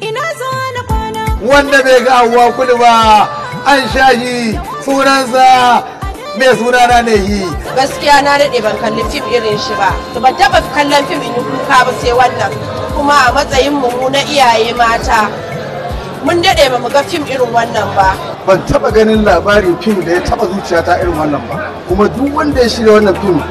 ina zo na kwana wanda bai ga hawa kudu ba an sha shi sunansa mai na ne yi gaskiya na daɗe ban kalli fim irin shi ba ba taɓa kallon fim in kuka ba sai wannan kuma a matsayin mu na iyaye mata mun daɗe ba mu ga fim irin wannan ba ban taɓa ganin labarin fim da ya taɓa zuciyata irin wannan ba kuma duk wanda ya shirya wannan fim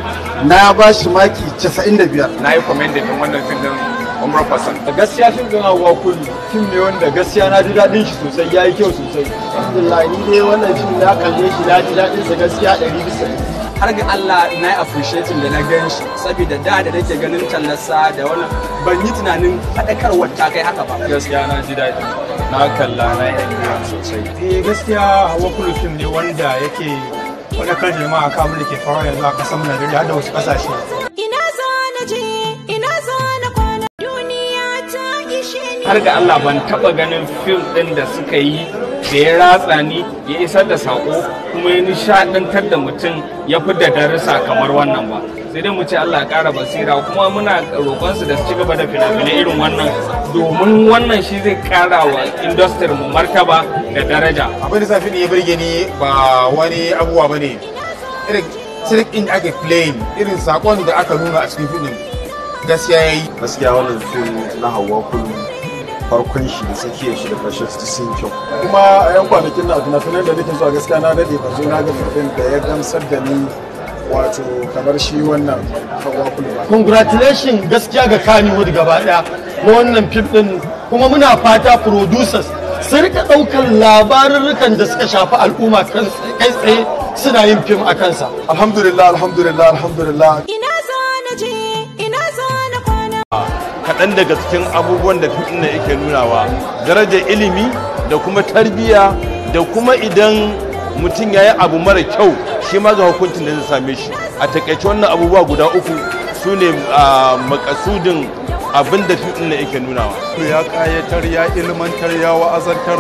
na ba shi maki 95 na yi kwamendin wannan fim din 100% a gaskiya fim din hawa kun fim ne wanda gaskiya na ji daɗin shi sosai ya yi kyau sosai alhamdulillah ni dai wannan fim na kalle shi na ji daɗin sa gaskiya ɗari 100% har ga Allah na yi appreciating da na gan shi saboda da da nake ganin tallasa da wannan ban yi tunanin faɗakarwar ta kai haka ba gaskiya na ji daɗi na kalla na yi sosai eh gaskiya hawa kun fim ne wanda yake faɗakar jama'a kan da ke faruwa yanzu a ƙasar Najeriya da wasu ƙasashe ina za na je har ga Allah ban taba ganin fim ɗin da suka yi da ya ratsa ni ya isar da sako kuma ya nishaɗantar da mutum ya fi da darussa kamar wannan ba sai dai mu ce Allah ƙara basira kuma muna roƙon su da su ci gaba da fina-finai irin wannan domin wannan shi zai ƙara wa industry mu martaba da daraja abin da safi ya burge ni ba wani abubuwa ba ne irin sirik in ake playing irin sakon da aka nuna a cikin filin gaskiya ya yi gaskiya wannan fim na hawa kullum farkon shi da tsakiyar shi da ƙarshen su sun kyau kuma a yan kwanakin na finafinan da nake zuwa gaskiya na daɗe ba zo na ga fim da ya gamsar da ni wato kamar shi wannan hawa kulba congratulations gaskiya ga kanewood gaba ɗaya na wannan fim ɗin kuma muna fata producers su rika ɗaukar labarurrukan da suka shafi al'umma kai tsaye suna yin fim a kansa alhamdulillah alhamdulillah alhamdulillah kaɗan daga cikin abubuwan da fitin ɗin yake nunawa darajar ilimi da kuma tarbiyya da kuma idan mutum ya yi abu mara kyau shi ma ga hukuncin da zai same shi a takaice wannan abubuwa guda uku su ne makasudin abin da fitin ɗin yake nunawa. ya ƙayatar ya ilmantar ya wa'azantar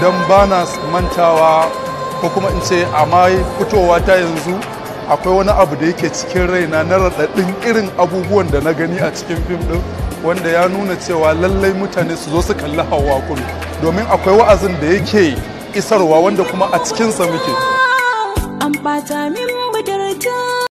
don ba na mantawa ko kuma in ce amma fitowa ta yanzu akwai wani abu da yake cikin raina na raɗaɗin irin abubuwan da na gani a cikin fim ɗin wanda ya nuna cewa lallai mutane su zo su kalli hawa kulu domin akwai wa'azin da yake isarwa wanda kuma a cikinsa muke. An min